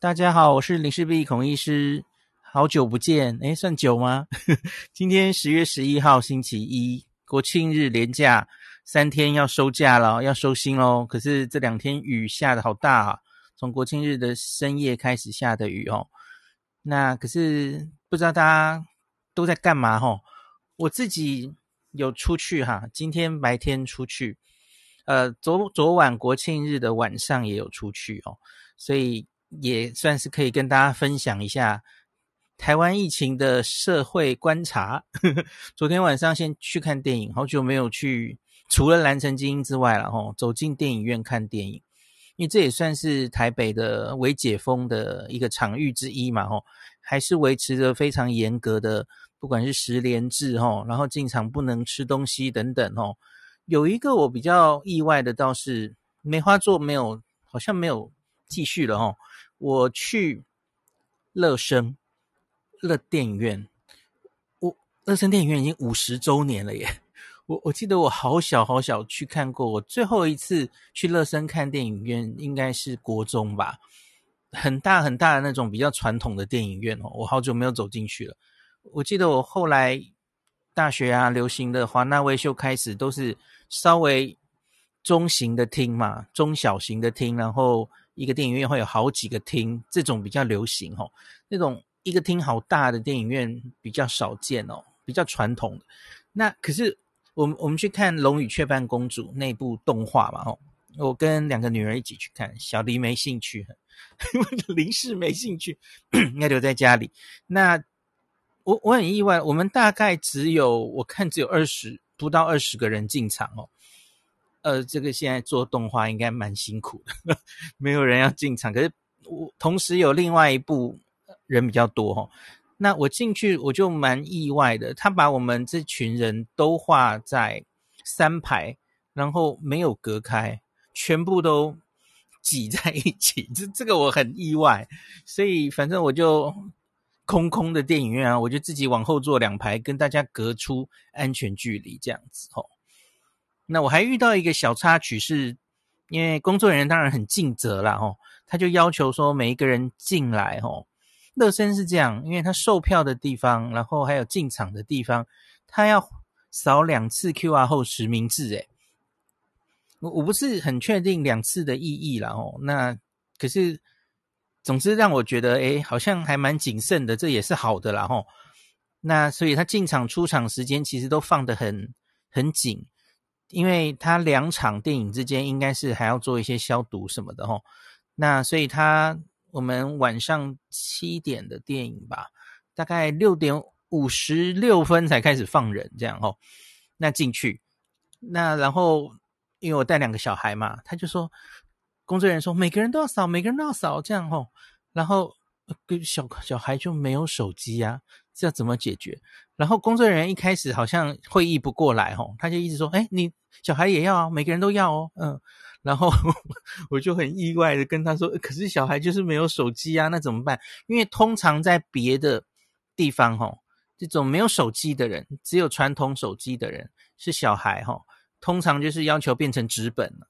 大家好，我是林氏璧孔醫師，好久不見，誒，算久嗎？ 今天十月十一號星期一，國慶日連假三天要收假了，要收心嘍。可是這兩天雨下得好大啊，從國慶日的深夜開始下的雨哦。那可是不知道大家都在幹嘛吼、哦？我自己有出去哈，今天白天出去，呃，昨昨晚國慶日的晚上也有出去哦，所以。也算是可以跟大家分享一下台灣疫情的社會觀察。 昨天晚上先去看電影，好久沒有去，除了《藍城精英》之外了，哈，走進電影院看電影，因為這也算是台北的微解封的一個場域之一嘛，哈，還是維持着非常嚴格的，不管是實聯制，哈，然後進場不能吃東西等等，哈，有一個我比較意外的倒是梅花座沒有，好像沒有繼續了，哈。我去樂聲樂電影院，我樂聲電影院已經五十週年了耶！我我記得我好小好小去看過，我最後一次去樂聲看電影院應該是國中吧，很大很大的那種比較傳統的電影院哦，我好久沒有走進去了。我記得我後來大學啊，流行的華納威秀開始都是稍微中型的廳嘛，中小型的廳，然後。一個電影院會有好幾個廳，這種比較流行吼、哦。那種一個廳好大的電影院比較少見哦，比較傳統。那可是我我們去看《龍與雀斑公主》那部動畫嘛、哦、我跟兩個女兒一起去看，小黎沒興趣，林氏沒興趣，應該留在家裡。那我我很意外，我們大概只有我看，只有二十，不到二十個人進場哦。呃，這個現在做動畫應該蠻辛苦的，沒有人要進場。可是我同時有另外一部人比較多哦，那我進去我就蠻意外的，他把我們這群人都畫在三排，然後沒有隔開，全部都擠在一起，這這個我很意外。所以反正我就空空的電影院啊，我就自己往後坐兩排，跟大家隔出安全距離這樣子哦。那我還遇到一個小插曲，是因為工作人員當然很盡責啦吼、哦，他就要求說每一個人進來吼、哦，樂生是這樣，因為他售票的地方，然後還有進場的地方，他要掃兩次 QR 後實名制。誒。我我不是很確定兩次的意義啦哦。那可是，總之讓我覺得誒、哎，好像還蠻謹慎的，這也是好的啦吼、哦。那所以他進場、出場時間其實都放得很很緊。因為他兩場電影之間應該是還要做一些消毒什麼的吼、哦，那所以他我們晚上七點的電影吧，大概六點五十六分才開始放人這樣吼、哦，那進去，那然後因為我帶兩個小孩嘛，他就說，工作人員說每個人都要掃，每個人都要掃這樣吼、哦，然後跟小小孩就沒有手機啊，這要怎麼解決？然後工作人員一開始好像會意不過來吼、哦，他就一直說：“哎，你小孩也要啊，每個人都要哦，嗯。”然後我就很意外的跟他說：“可是小孩就是沒有手機啊，那怎麼辦？因為通常在別的地方吼、哦，這種沒有手機的人，只有傳統手機的人是小孩哈、哦，通常就是要求變成紙本了。”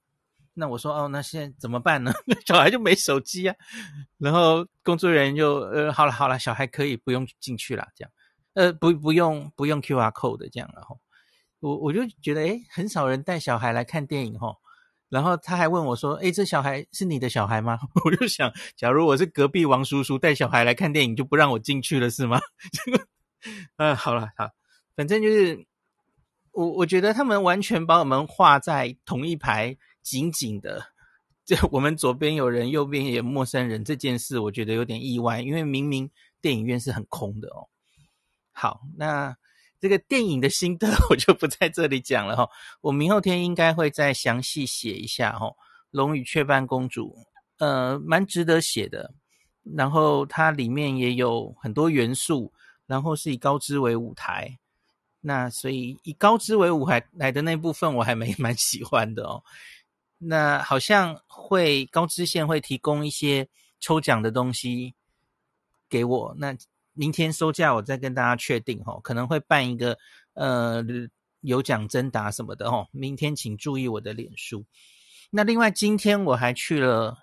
那我說哦，那現在怎麼辦呢？小孩就沒手機呀、啊。然後工作人員就呃，好了好了，小孩可以不用進去了，這樣，呃，不不用不用 QR code 的這樣。然後我我就覺得誒、欸，很少人帶小孩來看電影哦。然後他還問我說，誒、欸，這小孩是你的小孩嗎？我就想，假如我是隔壁王叔叔帶小孩來看電影，就不讓我進去了是嗎？這 個、呃，呃好了好，反正就是我我覺得他們完全把我們畫在同一排。緊緊的，就我們左邊有人，右邊也陌生人。這件事我覺得有點意外，因為明明電影院是很空的哦。好，那這個電影的心得我就不在這裡講了哈、哦。我明後天應該會再詳細寫一下哈、哦。《龍與雀斑公主》呃，蠻值得寫的。然後它裡面也有很多元素，然後是以高知為舞台，那所以以高知為舞台來的那部分我還蠻蠻喜歡的哦。那好像會高知縣會提供一些抽獎的東西給我。那明天收假我再跟大家確定哈、哦，可能會辦一個呃有獎徵答什麼的哈、哦。明天請注意我的臉書。那另外今天我還去了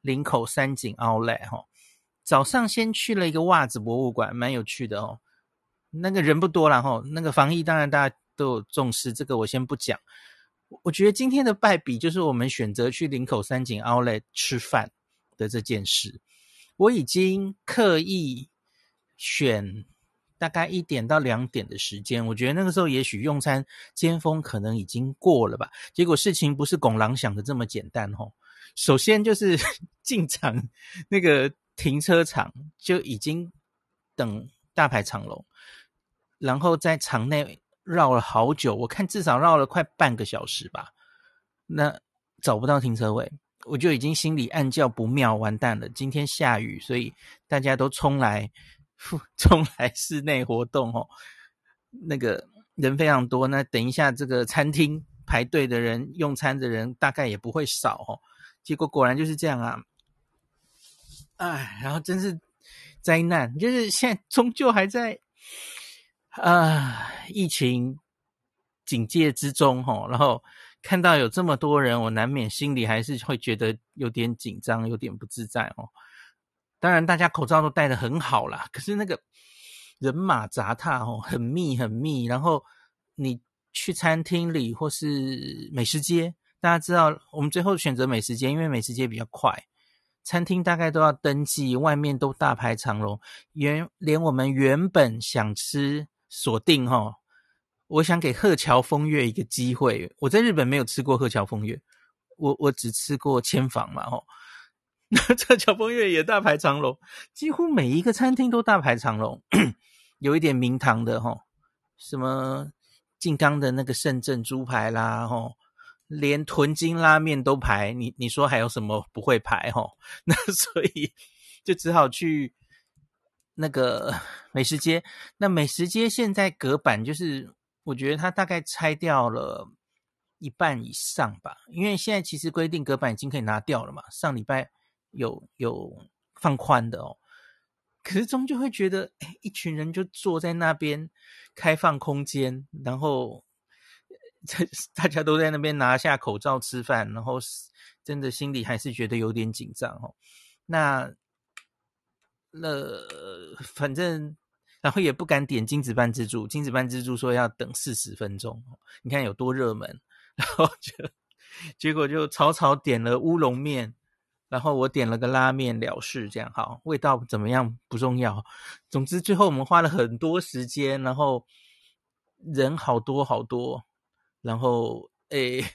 林口三井奧萊哈，早上先去了一個襪子博物館，蠻有趣的哦。那個人不多了哈、哦，那個防疫當然大家都有重視，這個我先不講。我覺得今天的敗筆就是我們選擇去林口三井 Outlet 吃飯的這件事。我已經刻意選大概一點到兩點的時間，我覺得那個時候也許用餐尖峰可能已經過了吧。結果事情不是拱狼想的這麼簡單哦。首先就是進場那個停車場就已經等大排長龍，然後在場內。繞了好久，我看至少繞了快半個小時吧。那找不到停車位，我就已經心裡暗叫不妙，完蛋了。今天下雨，所以大家都衝來衝來室內活動哦。那個人非常多，那等一下這個餐廳排隊的人，用餐的人大概也不會少哦。結果果然就是這樣啊！哎，然後真是災難，就是現在終究還在呃，疫情警戒之中，吼，然後看到有這麼多人，我難免心裡還是會覺得有點緊張，有點不自在，哦。當然，大家口罩都戴得很好啦，可是那個人馬雜沓，吼，很密很密。然後你去餐廳裡或是美食街，大家知道，我們最後選擇美食街，因為美食街比較快，餐廳大概都要登記，外面都大排長龍，原連我們原本想吃。鎖定哈、哦，我想給鶴橋風月一個機會。我在日本沒有吃過鶴橋風月，我我只吃過千房嘛、哦、那鶴橋風月也大排長龍，幾乎每一個餐廳都大排長龍， 有一點名堂的吼、哦，什麼靜岡的那個勝政豬排啦吼、哦，連屯京拉麵都排，你你說還有什麼不會排吼、哦？那所以就只好去。那個美食街，那美食街現在隔板就是，我覺得它大概拆掉了一半以上吧，因為現在其實規定隔板已經可以拿掉了嘛。上禮拜有有放寬的哦，可是終究會覺得，哎，一群人就坐在那邊，開放空間，然後大家都在那邊拿下口罩吃飯，然後真的心裡還是覺得有點緊張哦。那。那、呃、反正，然後也不敢點金子半之助，金子半之助說要等四十分鐘，你看有多熱門。然後就結果就草草點了烏龍麵，然後我點了個拉麵了事，這樣好，味道怎麼樣不重要。總之最後我們花了很多時間，然後人好多好多，然後誒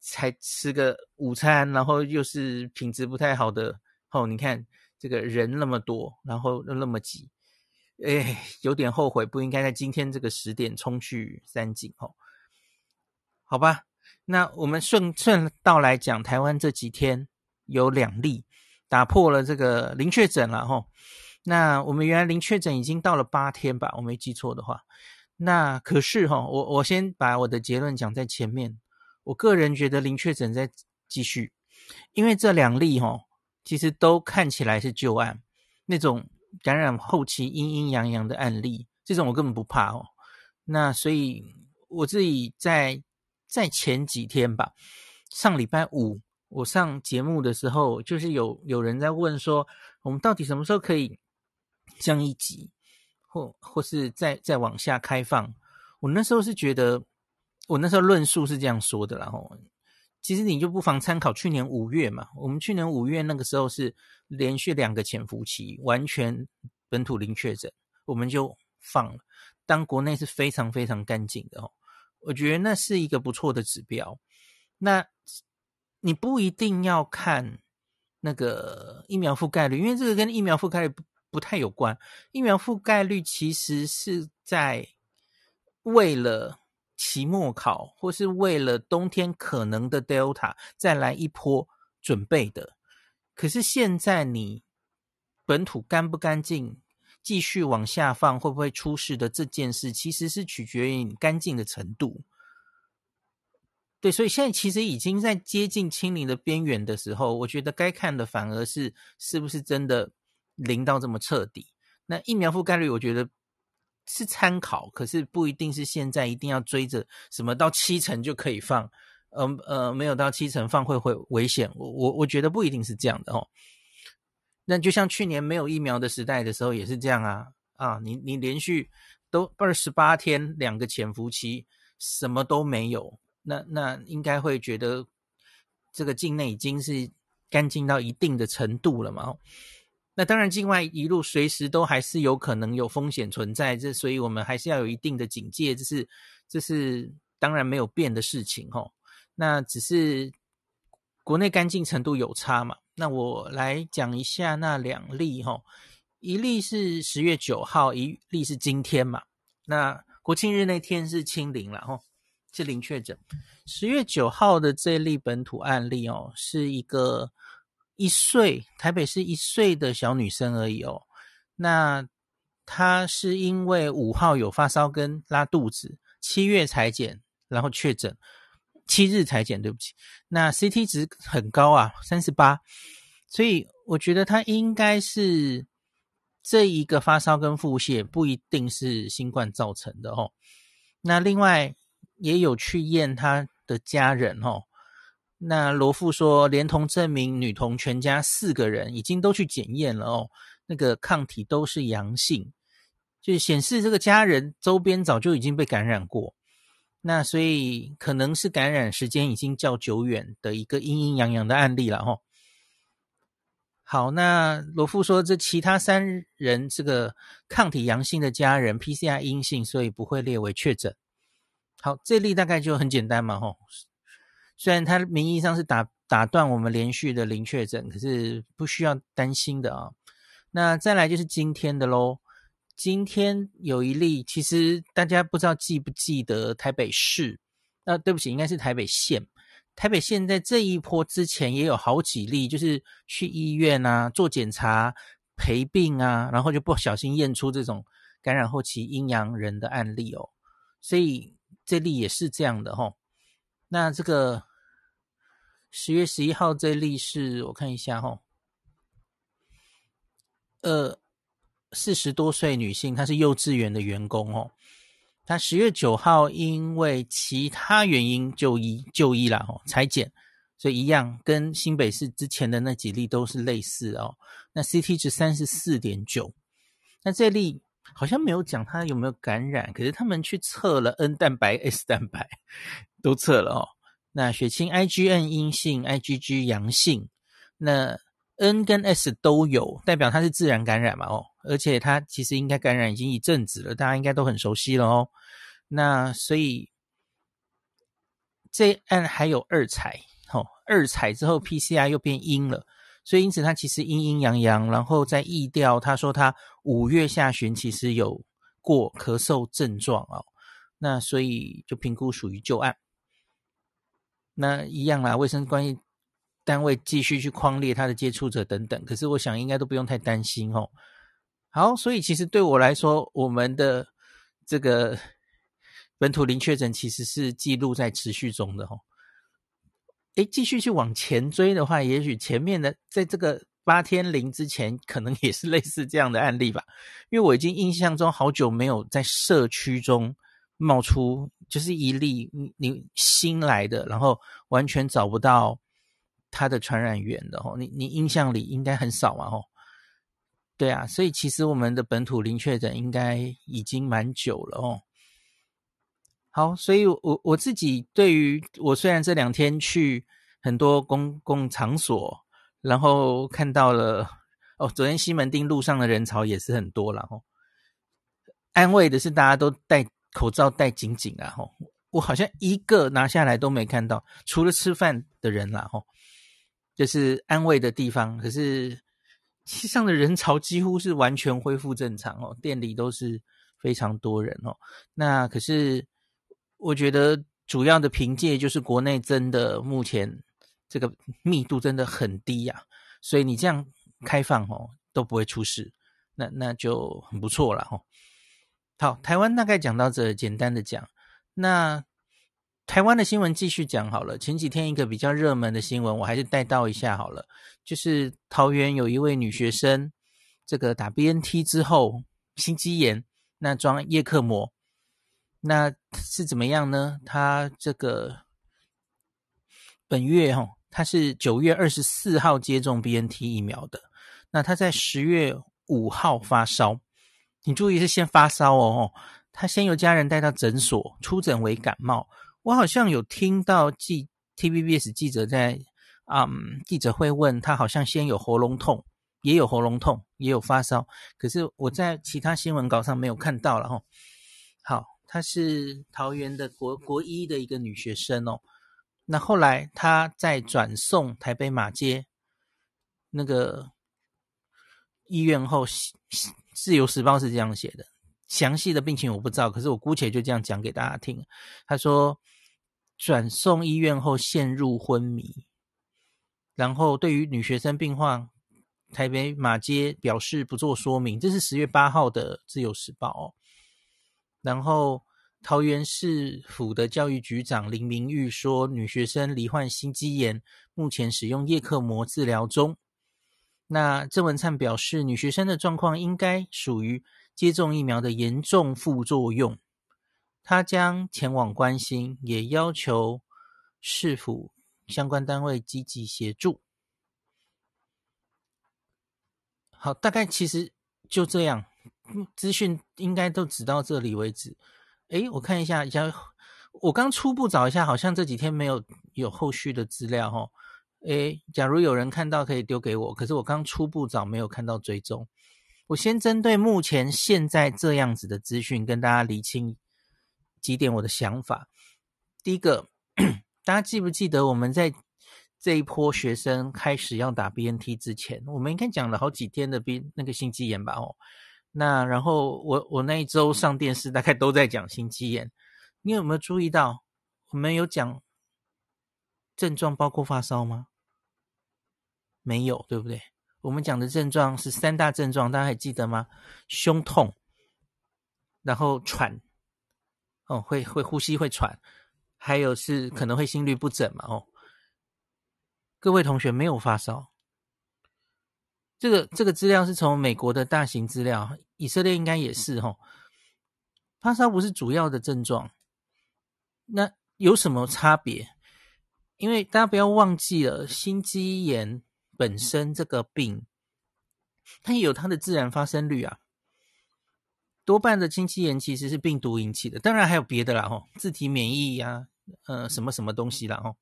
才吃個午餐，然後又是品質不太好的。哦，你看。這個人那麼多，然後又那麼擠，哎，有點後悔，不應該在今天這個十點衝去三井吼、哦。好吧，那我們順順道來講，台灣這幾天有兩例打破了這個零確診了吼、哦。那我們原來零確診已經到了八天吧，我沒記錯的話。那可是哈、哦，我我先把我的結論講在前面。我個人覺得零確診再繼續，因為這兩例哈、哦。其實都看起來是舊案，那種感染後期陰陰陽陽的案例，這種我根本不怕哦。那所以我自己在在前幾天吧，上禮拜五我上節目的時候，就是有有人在問說，我們到底什麼時候可以降一級，或或是再再往下開放？我那時候是覺得，我那時候論述是這樣說的啦，哦，吼。其實你就不妨參考去年五月嘛，我們去年五月那個時候是連續兩個潛伏期，完全本土零確診，我們就放了，當國內是非常非常乾淨的哦。我覺得那是一個不錯的指標。那你不一定要看那個疫苗覆蓋率，因為這個跟疫苗覆蓋率不太有關。疫苗覆蓋率其實是在為了。期末考，或是為了冬天可能的 Delta 再來一波準備的。可是現在你本土乾不乾淨，繼續往下放會不會出事的這件事，其實是取決於你乾淨的程度。對，所以現在其實已經在接近清零的邊緣的時候，我覺得該看的反而是是不是真的零到這麼徹底。那疫苗覆蓋率，我覺得。是參考，可是不一定是現在一定要追着什麼到七成就可以放。嗯呃，呃，沒有到七成放會會危險，我我我覺得不一定是這樣的哦。那就像去年沒有疫苗的時代的時候也是這樣啊啊，你你連續都二十八天兩個潛伏期什麼都沒有，那那應該會覺得這個境內已經是乾淨到一定的程度了嘛。那當然，境外一路隨時都還是有可能有風險存在，這所以我們還是要有一定的警戒，這是這是當然沒有變的事情，哦，那只是國內乾淨程度有差嘛？那我來講一下那兩例，哦，一例是十月九號，一例是今天嘛？那國慶日那天是清零了吼，哦，是零確診。十月九號的這例本土案例哦，是一個。一歲，台北市一歲的小女生而已哦。那她是因為五號有發燒跟拉肚子，七月採檢，然後確診，七日採檢，對不起。那 CT 值很高啊，三十八，所以我覺得她應該是這一個發燒跟腹瀉不一定是新冠造成的哦。那另外也有去驗她的家人哦。那羅富說，連同這名女童，全家四個人已經都去檢驗了哦，那個抗體都是陽性，就顯示這個家人周邊早就已經被感染過。那所以可能是感染時間已經較久遠的一個陰陰陽陽的案例了哈、哦。好，那羅富說，這其他三人這個抗體陽性的家人 PCR 陰性，所以不會列為確診。好，這例大概就很簡單嘛哈、哦。雖然它名義上是打打斷我們連續的零確診，可是不需要擔心的啊。那再來就是今天的嘍。今天有一例，其實大家不知道記不記得台北市，那、呃、對不起，應該是台北縣。台北縣在這一波之前也有好幾例，就是去醫院啊做檢查、陪病啊，然後就不小心驗出這種感染後期陰陽人的案例哦。所以這例也是這樣的吼、哦。那這個。十月十一號這例是我看一下吼、哦，呃，四十多歲女性，她是幼稚園的員工哦。她十月九號因為其他原因就醫就醫啦哦，採檢，所以一樣跟新北市之前的那幾例都是類似哦。那 CT 值三十四點九，那這例好像沒有講她有沒有感染，可是他們去測了 N 蛋白、S 蛋白都測了哦。那血清 IgM 陰性，IgG 陽性，那 N 跟 S 都有，代表它是自然感染嘛？哦，而且它其實應該感染已經一陣子了，大家應該都很熟悉了哦。那所以這一案還有二採，哦，二採之後 PCR 又變陰了，所以因此它其實陰陰陽陽，然後在疫調，他說他五月下旬其實有過咳嗽症狀哦，那所以就評估屬於舊案。那一樣啦，衛生關係單位繼續去匡列他的接觸者等等，可是我想應該都不用太擔心哦。好，所以其實對我來說，我們的這個本土零確診其實是記錄在持續中的哦。哎、欸，繼續去往前追的話，也許前面的在這個八天零之前，可能也是類似這樣的案例吧，因為我已經印象中好久沒有在社區中。冒出就是一例你你新來的，然後完全找不到它的傳染源的哦。你你印象裡應該很少啊哦。對啊，所以其實我們的本土零確診應該已經蠻久了哦。好，所以我我自己對於我雖然這兩天去很多公共場所，然後看到了哦，昨天西門町路上的人潮也是很多啦哦。安慰的是大家都戴。口罩戴緊緊啊！吼，我好像一個拿下來都沒看到，除了吃飯的人啦，吼，就是安慰的地方。可是街上的人潮幾乎是完全恢復正常哦，店裡都是非常多人哦。那可是我覺得主要的憑借就是國內真的目前這個密度真的很低呀，啊，所以你這樣開放哦都不會出事，那那就很不錯了吼。好，台灣大概講到這，簡單的講，那台灣的新聞繼續講好了。前幾天一個比較熱門的新聞，我還是帶到一下好了。就是桃園有一位女學生，這個打 BNT 之後心肌炎，那裝葉克膜，那是怎麼樣呢？她這個本月哈、哦，她是九月二十四號接種 BNT 疫苗的，那她在十月五號發燒。你注意，是先發燒哦。哦他，先由家人帶到診所出診為感冒。我好像有聽到記 TVBS 記者在，嗯，記者會問他，好像先有喉嚨痛，也有喉嚨痛，也有發燒。可是我在其他新聞稿上沒有看到了哈、哦。好，她是桃園的國國一的一個女學生哦。那後來他在轉送台北馬偕那個醫院後。自由時報是這樣寫的，詳細的病情我不知道，可是我姑且就這樣講給大家聽。他說，轉送醫院後陷入昏迷，然後對於女學生病患，台北馬偕表示不做說明。這是十月八號的自由時報哦。然後桃園市府的教育局長林明裕說，女學生罹患心肌炎，目前使用葉克膜治療中。那鄭文燦表示，女學生的狀況應該屬於接種疫苗的嚴重副作用，他將前往關心，也要求市府相關單位積極協助。好，大概其實就這樣，資訊應該都只到這裡為止。誒、欸、我看一下，一下，我剛初步找一下，好像這幾天沒有有後續的資料哦。誒，假如有人看到可以丟給我，可是我剛初步找沒有看到追蹤。我先針對目前現在這樣子的資訊跟大家釐清幾點我的想法。第一個，大家記不記得我們在這一波學生開始要打 BNT 之前，我們應該講了好幾天的 B 那個心肌炎吧？哦，那然後我我那一周上電視大概都在講心肌炎，你有沒有注意到我們有講？症狀包括發燒嗎？沒有，對不對？我們講的症狀是三大症狀，大家還記得嗎？胸痛，然後喘，哦，會會呼吸會喘，還有是可能會心律不整嘛，哦。各位同學沒有發燒，這個這個資料是從美國的大型資料，以色列應該也是哈，哦，發燒不是主要的症狀，那有什麼差別？因為大家不要忘記了，心肌炎本身這個病，它也有它的自然發生率啊。多半的心肌炎其實是病毒引起的，當然還有別的啦、哦，吼，自體免疫呀、啊，呃，什麼什麼東西啦、哦，吼。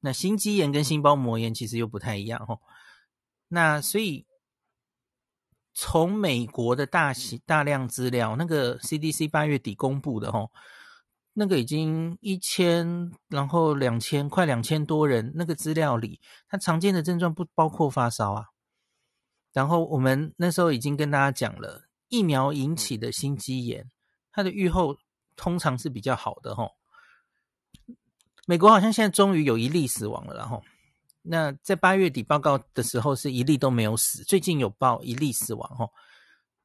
那心肌炎跟心包膜炎其實又不太一樣、哦，吼。那所以從美國的大型大量資料，那個 CDC 八月底公布的、哦，吼。那個已經一千，然後兩千，快兩千多人。那個資料裡，它常見的症狀不包括發燒啊。然後我們那時候已經跟大家講了，疫苗引起的心肌炎，它的預後通常是比較好的齁。美國好像現在終於有一例死亡了，然後那在八月底報告的時候是一例都沒有死，最近有報一例死亡哈。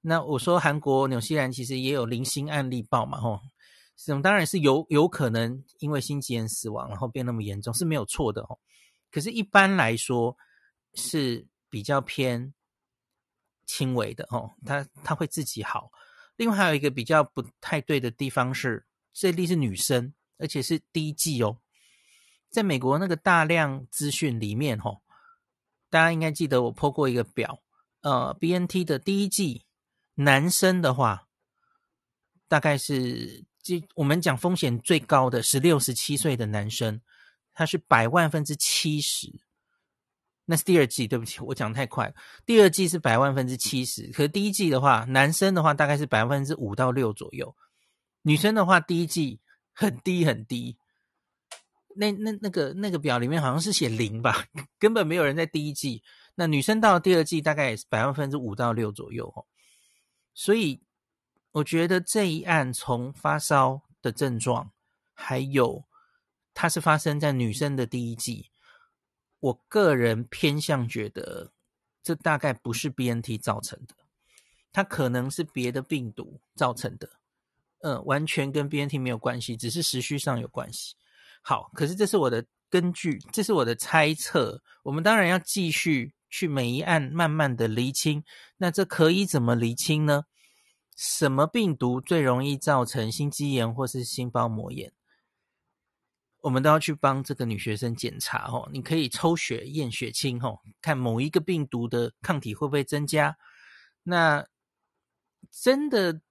那我說韓國、紐西蘭其實也有零星案例報嘛哈。這種當然是有有可能因為心肌炎死亡，然後變那麼嚴重是沒有錯的哦。可是，一般來說是比較偏輕微的哦，它它會自己好。另外，還有一個比較不太對的地方是，這例是女生，而且是第一劑哦。在美國那個大量資訊裡面哦，大家應該記得我 po 過一個表，呃，BNT 的第一劑男生的話大概是。我們講風險最高的十六、十七歲的男生，他是百萬分之七十。那是第二劑，對不起，我講太快了。第二劑是百萬分之七十，可是第一劑的話，男生的話大概是百萬分之五到六左右，女生的話第一劑很低很低。那那那個那個表裡面好像是寫零吧，根本沒有人在第一劑。那女生到了第二劑大概也是百萬分之五到六左右哦，所以。我覺得這一案從發燒的症狀，還有它是發生在女生的第一劑，我個人偏向覺得這大概不是 BNT 造成的，它可能是別的病毒造成的，嗯，完全跟 BNT 沒有關係，只是時序上有關係。好，可是這是我的根據，這是我的猜測。我們當然要繼續去每一案慢慢的釐清，那這可以怎麼釐清呢？什麼病毒最容易造成心肌炎或是心包膜炎？我們都要去幫這個女學生檢查哦，你可以抽血驗血清哦，看某一個病毒的抗體會不會增加。那真的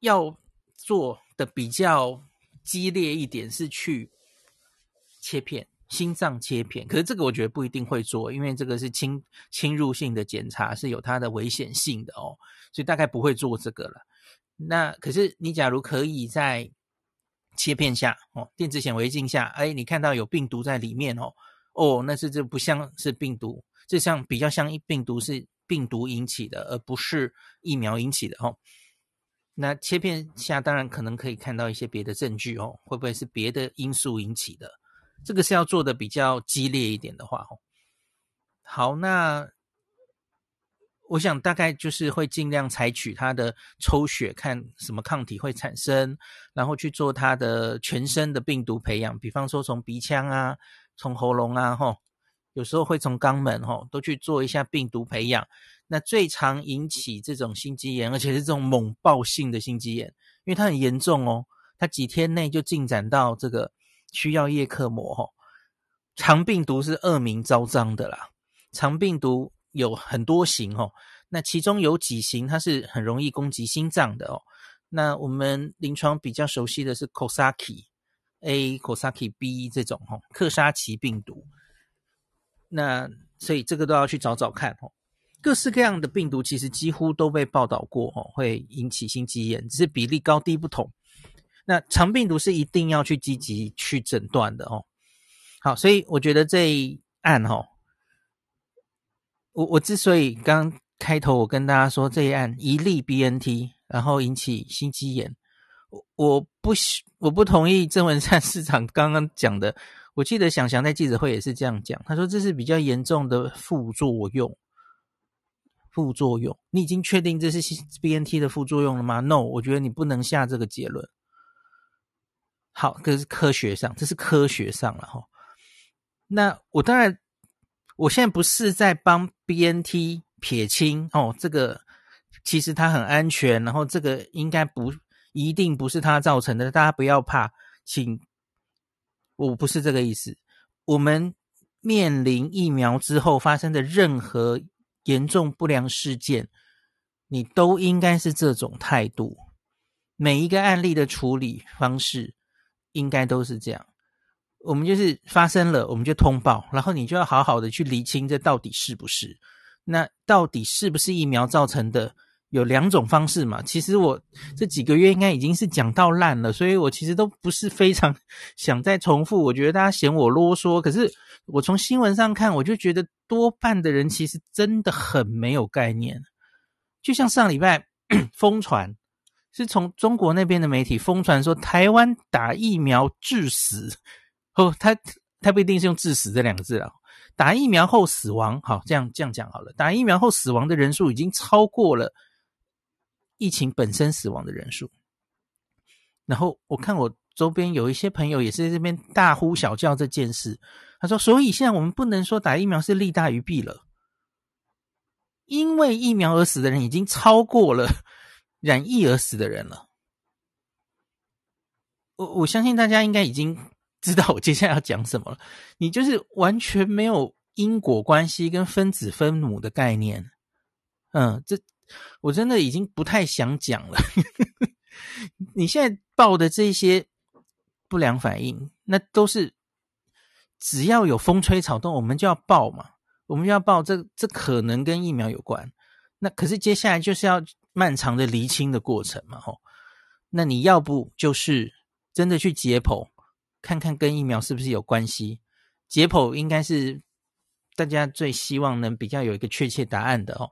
要做的比較激烈一點是去切片。心臟切片，可是這個我覺得不一定會做，因為這個是侵侵入性的檢查，是有它的危險性的哦，所以大概不會做這個了。那可是你假如可以在切片下哦，電子顯微鏡下，哎，你看到有病毒在裡面哦，哦，那是這不像是病毒，這像比較像一病毒是病毒引起的，而不是疫苗引起的哦。那切片下當然可能可以看到一些別的證據哦，會不會是別的因素引起的？這個是要做的比較激烈一點的話，吼，好，那我想大概就是會盡量採取他的抽血，看什麼抗體會產生，然後去做他的全身的病毒培養，比方說從鼻腔啊，從喉嚨啊，吼，有時候會從肛門啊，吼，都去做一下病毒培養。那最常引起這種心肌炎，而且是這種猛爆性的心肌炎，因為它很嚴重哦，它幾天內就進展到這個。需要葉克膜吼、哦，腸病毒是惡名昭彰的啦。腸病毒有很多型哦，那其中有幾型它是很容易攻擊心臟的哦。那我們臨床比較熟悉的是柯薩奇 A、柯薩奇 B 這種吼、哦，柯薩奇病毒。那所以這個都要去找找看哦，各式各樣的病毒其實幾乎都被報道過哦，會引起心肌炎，只是比例高低不同。那腸病毒是一定要去積極去診斷的哦。好，所以我覺得這一案哈、哦，我我之所以剛，剛開頭我跟大家說這一案一例 BNT 然後引起心肌炎，我不我不同意鄭文燦市長剛剛講的。我記得祥祥在記者會也是這樣講，他說這是比較嚴重的副作用。副作用，你已經確定這是 BNT 的副作用了嗎？No，我覺得你不能下這個結論。好，這是科學上，這是科學上了哈、哦。那我當然，我現在不是在幫 BNT 撇清哦，這個其實它很安全，然後這個應該不，一定不是它造成的，大家不要怕，請，我不是這個意思。我們面臨疫苗之後發生的任何嚴重不良事件，你都應該是這種態度，每一個案例的處理方式。應該都是這樣，我們就是發生了，我們就通報，然後你就要好好的去釐清這到底是不是，那到底是不是疫苗造成的？有兩種方式嘛。其實我這幾個月應該已經是講到爛了，所以我其實都不是非常想再重複。我覺得大家嫌我囉嗦，可是我從新聞上看，我就覺得多半的人其實真的很沒有概念。就像上禮拜 瘋傳。是從中國那邊的媒體瘋傳說台灣打疫苗致死，哦，他他不一定是用「致死」這兩個字啊，打疫苗後死亡，好這樣這樣講好了，打疫苗後死亡的人數已經超過了疫情本身死亡的人數。然後我看我周邊有一些朋友也是在這邊大呼小叫這件事，他說，所以現在我們不能說打疫苗是利大於弊了，因為疫苗而死的人已經超過了。染疫而死的人了，我我相信大家應該已經知道我接下來要講什麼了。你就是完全沒有因果關係跟分子分母的概念，嗯，這我真的已經不太想講了。 你現在報的這些不良反應，那都是只要有風吹草動，我們就要報嘛，我們就要報這這可能跟疫苗有關。那可是接下來就是要。漫長的釐清的過程嘛，吼，那你要不就是真的去解剖，看看跟疫苗是不是有關係？解剖應該是大家最希望能比較有一個確切答案的哦。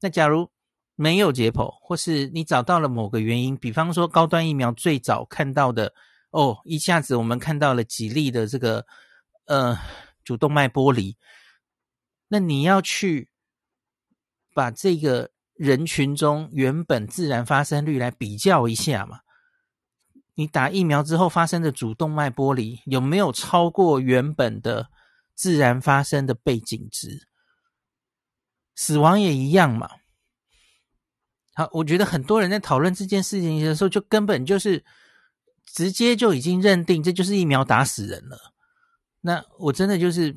那假如沒有解剖，或是你找到了某個原因，比方說高端疫苗最早看到的，哦，一下子我們看到了幾例的這個呃主動脈剝離，那你要去把這個。人群中原本自然發生率來比較一下嘛，你打疫苗之後發生的主動脈剝離，有沒有超過原本的自然發生的背景值？死亡也一樣嘛。好，我覺得很多人在討論這件事情的時候，就根本就是直接就已經認定這就是疫苗打死人了。那我真的就是。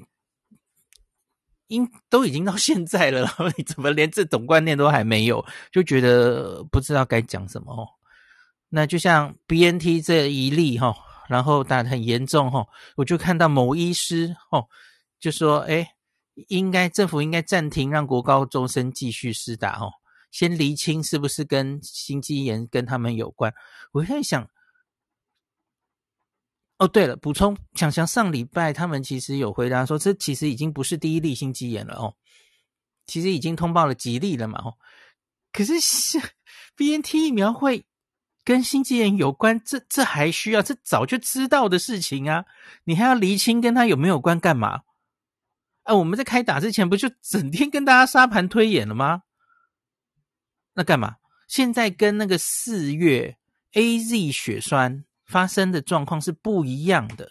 因都已經到現在了，然後你怎麼連這種觀念都還沒有，就覺得不知道該講什麼哦？那就像 BNT 這一例哈，然後打得很嚴重哈，我就看到某醫師哈就說，哎，應該政府應該暫停讓國高中生繼續施打哦，先釐清是不是跟心肌炎跟他們有關。我在想。哦，對了，補充，想想上禮拜他們其實有回答說，這其實已經不是第一例心肌炎了哦，其實已經通報了幾例了嘛哦。可是 B N T 疫苗會跟心肌炎有關，這這還需要這早就知道的事情啊，你還要釐清跟他有沒有關幹嘛？哎、啊，我們在開打之前不就整天跟大家沙盤推演了嗎？那幹嘛？現在跟那個四月 A Z 血栓。發生的狀況是不一樣的。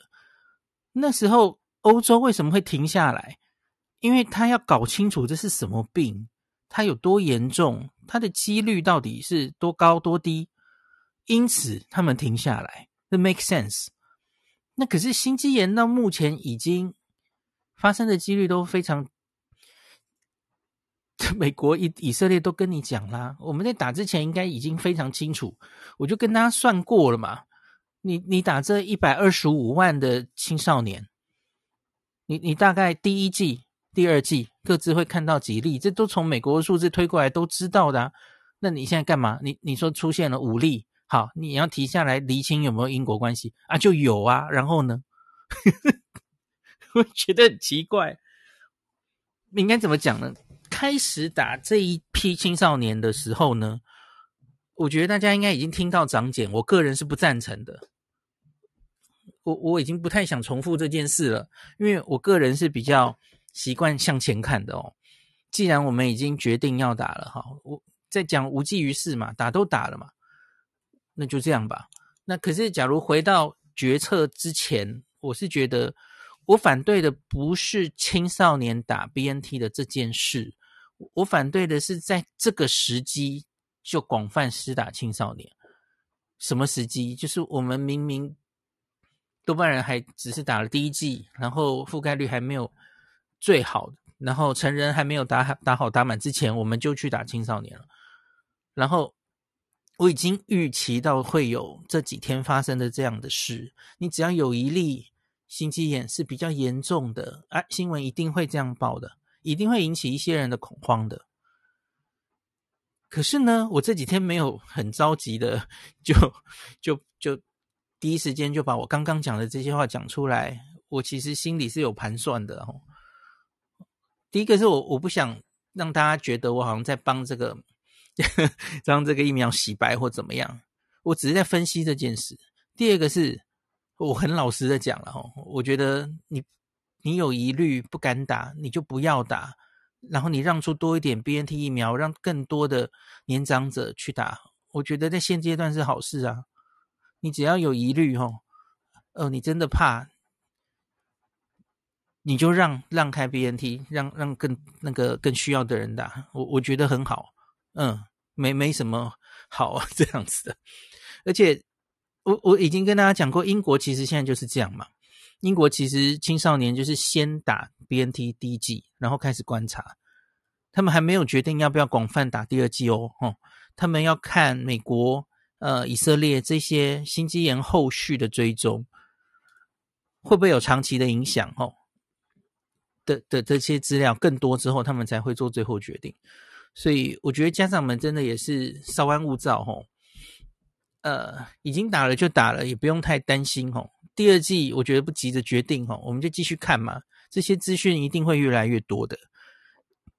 那時候歐洲為什麼會停下來？因為他要搞清楚這是什麼病，它有多嚴重，它的幾率到底是多高多低。因此他們停下來，那 makes sense。那可是心肌炎，到目前已經發生的幾率都非常。美國以以色列都跟你講啦，我們在打之前應該已經非常清楚，我就跟他算過了嘛。你你打這一百二十五萬的青少年，你你大概第一劑、第二劑各自會看到幾例，這都從美國數字推過來都知道的啊。那你現在幹嘛？你你說出現了五例，好，你要提下來釐清有沒有因果關係啊？就有啊，然後呢？呵呵，我覺得很奇怪，你應該怎麼講呢？開始打這一批青少年的時候呢，我覺得大家應該已經聽到長繭，我個人是不贊成的。我我已經不太想重複這件事了，因為我個人是比較習慣向前看的哦。既然我們已經決定要打了哈，我再講無濟於事嘛，打都打了嘛，那就這樣吧。那可是，假如回到決策之前，我是覺得我反對的不是青少年打 BNT 的這件事，我反對的是在這個時機就廣泛施打青少年。什麼時機？就是我們明明。多半人還只是打了第一劑，然後覆蓋率還沒有最好，然後成人還沒有打打好打滿之前，我們就去打青少年了。然後我已經預期到會有這幾天發生的這樣的事，你只要有一例心肌炎是比較嚴重的，哎、啊，新聞一定會這樣報的，一定會引起一些人的恐慌的。可是呢，我這幾天沒有很着急的，就就就。就第一時間就把我剛剛講的這些話講出來，我其實心裡是有盤算的哦。第一個是我我不想讓大家覺得我好像在幫這個，讓這個疫苗洗白或怎麼樣，我只是在分析這件事。第二個是，我很老實的講了哦，我覺得你你有疑慮不敢打，你就不要打，然後你讓出多一點 BNT 疫苗，讓更多的年長者去打，我覺得在現階段是好事啊。你只要有疑慮吼，哦，你真的怕，你就讓讓開 BNT，讓讓更那個更需要的人打。我我覺得很好，嗯，沒沒什麼好這樣子的。而且我我已經跟大家講過，英國其實現在就是這樣嘛。英國其實青少年就是先打 BNT 第一劑，然後開始觀察，他們還沒有決定要不要廣泛打第二劑哦。哦，他們要看美國。呃，以色列這些心肌炎後續的追蹤，會不會有長期的影響？吼、哦、的的這些資料更多之後，他們才會做最後決定。所以我覺得家長們真的也是稍安勿躁吼。呃，已經打了就打了，也不用太擔心吼、哦。第二劑我覺得不急着決定吼、哦，我們就繼續看嘛。這些資訊一定會越來越多的。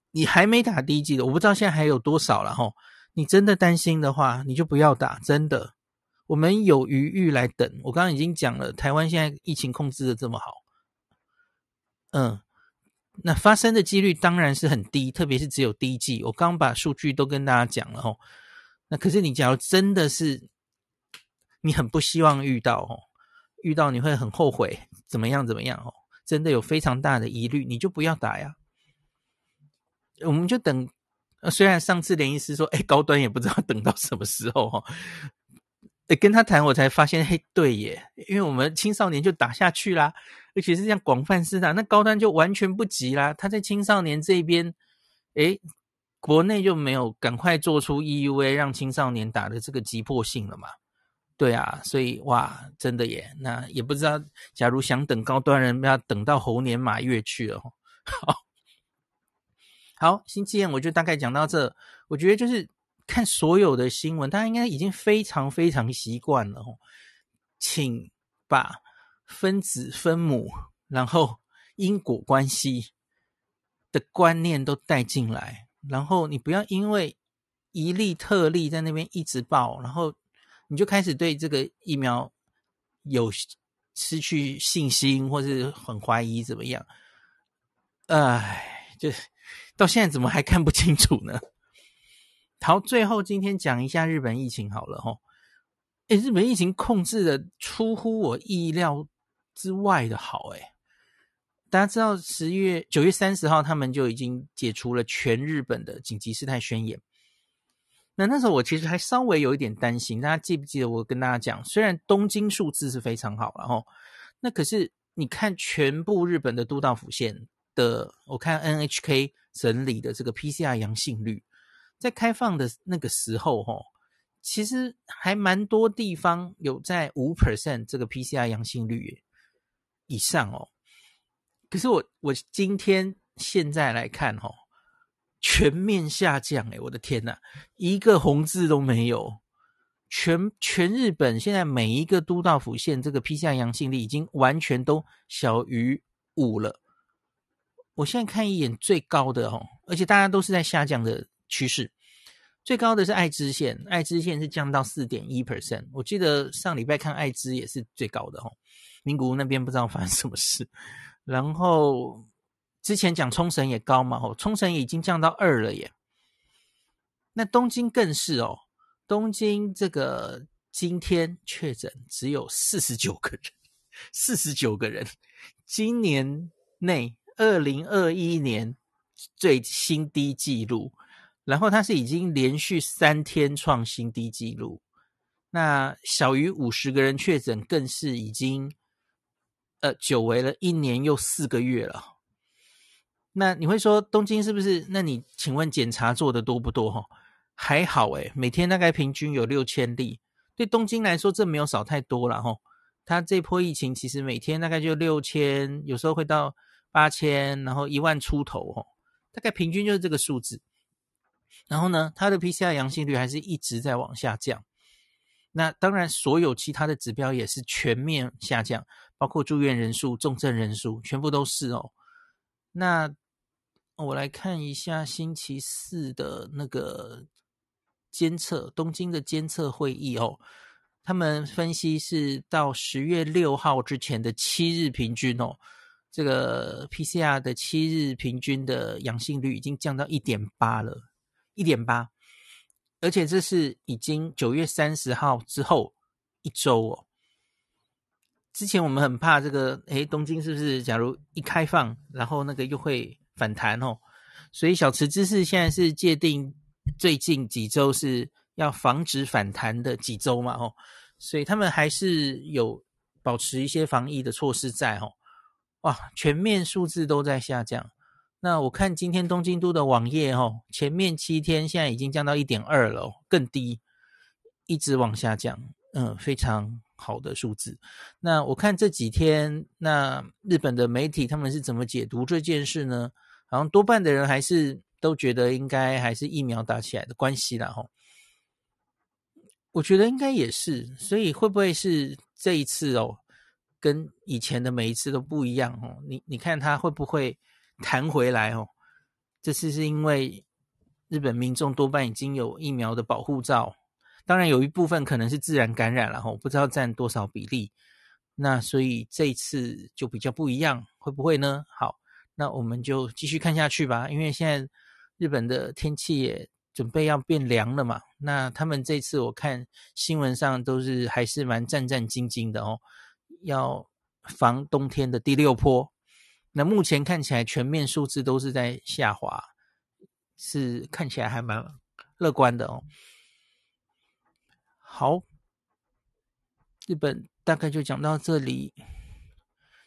你還沒打第一劑的，我不知道現在還有多少了吼。哦你真的擔心的話，你就不要打。真的，我們有餘裕來等。我剛剛已經講了，台灣現在疫情控制的這麼好，嗯，那發生的幾率當然是很低，特別是只有第一劑。我剛把數據都跟大家講了哦。那可是你，假如真的是你很不希望遇到哦，遇到你會很後悔，怎麼樣怎麼樣哦？真的有非常大的疑慮，你就不要打呀。我們就等。雖然上次連醫師說，哎、欸，高端也不知道等到什麼時候哈、哦，哎、欸，跟他談我才發現，嘿，對耶，因為我們青少年就打下去啦，而且是這樣廣泛市場，那高端就完全不急啦。他在青少年這邊，哎、欸，國內就沒有趕快做出 EUA 讓青少年打的這個急迫性了嘛？對啊，所以哇，真的耶，那也不知道，假如想等高端人要等到猴年馬月去了哈、哦。哦好，心肌炎我就大概講到這。我覺得就是看所有的新聞，大家應該已經非常非常習慣了、哦。請把分子分母，然後因果關係的觀念都帶進來。然後你不要因為一例特例在那邊一直報，然後你就開始對這個疫苗有失去信心，或是很懷疑怎麼樣？哎、呃，就是。到現在怎麼還看不清楚呢？好，最後今天講一下日本疫情好了吼，誒，日本疫情控制的出乎我意料之外的好誒，大家知道十月九月三十號他們就已經解除了全日本的緊急事態宣言。那那時候我其實還稍微有一點擔心。大家記不記得我跟大家講，雖然東京數字是非常好，然後那可是你看全部日本的都道府縣的，我看 NHK。整理的這個 PCR 陽性率，在開放的那個時候，哦，哈，其實還蠻多地方有在五 percent 這個 PCR 陽性率以上哦。可是我我今天現在來看，哦，哈，全面下降，誒，我的天哪，一個紅字都沒有。全全日本現在每一個都道府縣這個 PCR 陽性率已經完全都小於五了。我現在看一眼最高的哦，而且大家都是在下降的趨勢。最高的是愛知縣，愛知縣是降到四點一 percent。我記得上禮拜看愛知也是最高的哦。名古屋那邊不知道發生什麼事。然後之前講沖繩也高嘛，哦，沖繩已經降到二了耶。那東京更是哦，東京這個今天確診只有四十九個人，四十九個人，今年內，二零二一年最新低紀錄，然後它是已經連續三天創新低紀錄，那小於五十個人確診更是已經呃久違了一年又四個月了。那你會說東京是不是？那你請問檢查做得多不多？哈，還好誒，每天大概平均有六千例，對東京來說這沒有少太多了哈。他這波疫情其實每天大概就六千，有時候會到。八千，然後一萬出頭哦，大概平均就是這個數字。然後呢，它的 PCR 陽性率還是一直在往下降。那當然，所有其他的指標也是全面下降，包括住院人數、重症人數，全部都是哦。那我來看一下星期四的那個監測，東京的監測會議哦，他們分析是到十月六號之前的七日平均哦。這個 PCR 的七日平均的陽性率已經降到一點八了，一點八，而且這是已經九月三十號之後一周哦。之前我們很怕這個，誒，東京是不是？假如一開放，然後那個又會反彈哦。所以小池知事現在是界定最近幾週是要防止反彈的幾週嘛，哦，所以他們還是有保持一些防疫的措施在哦。哇，全面數字都在下降。那我看今天東京都的網頁，哦，前面七天現在已經降到一點二了，哦，更低，一直往下降。嗯、呃，非常好的數字。那我看這幾天，那日本的媒體他們是怎麼解讀這件事呢？好像多半的人還是都覺得應該還是疫苗打起來的關係啦，哦。吼。我覺得應該也是，所以會不會是這一次哦？跟以前的每一次都不一樣哦。你你看它會不會彈回來哦？這次是因為日本民眾多半已經有疫苗的保護罩，當然有一部分可能是自然感染了哈，不知道佔多少比例。那所以這一次就比較不一樣，會不會呢？好，那我們就繼續看下去吧。因為現在日本的天氣也準備要變涼了嘛。那他們這次我看新聞上都是還是蠻戰戰兢兢的哦。要防冬天的第六波，那目前看起來全面數字都是在下滑，是看起來還蠻樂觀的哦。好，日本大概就講到這裡。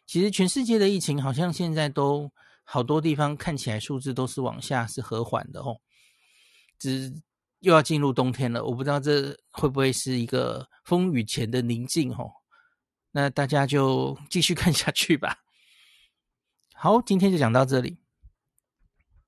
其實全世界的疫情好像現在都好多地方看起來數字都是往下，是和緩的哦。只又要進入冬天了，我不知道這會不會是一個風雨前的寧靜哦。那大家就繼續看下去吧。好，今天就講到這裡。